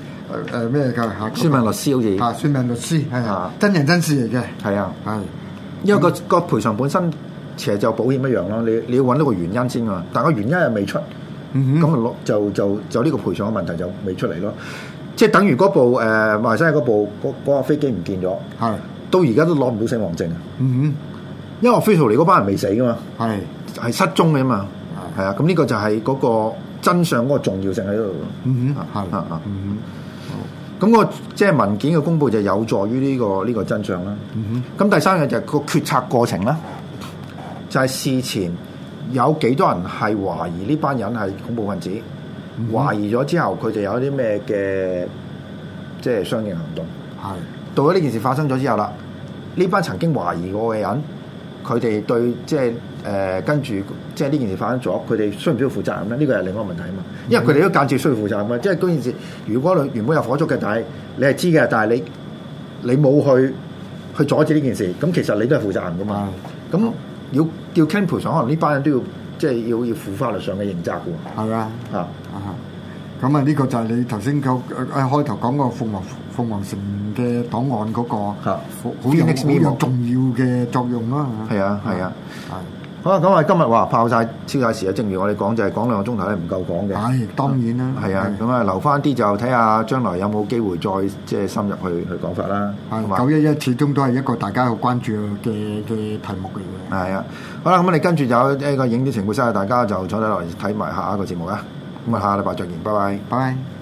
誒咩噶吓？算文律師好似吓，算文律師係啊，真人真事嚟嘅係啊，係因為個個賠償本身其實就保險一樣咯，你你要揾到個原因先啊，但係個原因又未出，咁就攞就就就呢個賠償嘅問題就未出嚟咯，即係等於嗰部誒馬來西亞嗰部嗰嗰架飛機唔見咗，係到而家都攞唔到死亡證啊，因為我飛逃離嗰班人未死噶嘛，係係失蹤嘅嘛，係啊，咁呢個就係嗰個真相嗰個重要性喺度，咁我即係文件嘅公布就有助於呢、這個呢、這個真相啦。咁、mm hmm. 第三樣就係、是、個決策過程啦，就係、是、事前有幾多人係懷疑呢班人係恐怖分子，mm hmm. 懷疑咗之後佢哋有啲咩嘅即係相應行動。係、mm hmm. 到咗呢件事發生咗之後啦，呢班曾經懷疑過嘅人，佢哋對即係誒跟住。即係呢件事發生咗，佢哋需唔需要負責任咧？呢個係另外一個問題啊嘛。因為佢哋都間接需要負責任嘅，即係嗰件事。如果你原本有火燭嘅，但係你係知嘅，但係你你冇去去阻止呢件事，咁其實你都係負責任噶嘛。咁要叫 claim 賠償，可能呢班人都要即係要要負法律上嘅刑責嘅喎。係啊，啊咁啊，呢個就係你頭先講誒開頭講個鳳凰鳳凰城嘅檔案嗰個，好有好重要嘅作用咯。係啊，係啊。好啦，咁啊，今日話爆晒超晒時啊！正如我哋講，就係講兩個鐘頭咧，唔夠講嘅。唉，當然啦。係啊，咁啊，留翻啲就睇下將來有冇機會再即係深入去去講法啦。九一一始終都係一個大家好關注嘅嘅題目嚟嘅。係啊，好啦，咁你跟住有一個影子情報室，生大家就坐低落嚟睇埋下一個節目啊。咁啊，下個禮拜再見，拜拜。拜。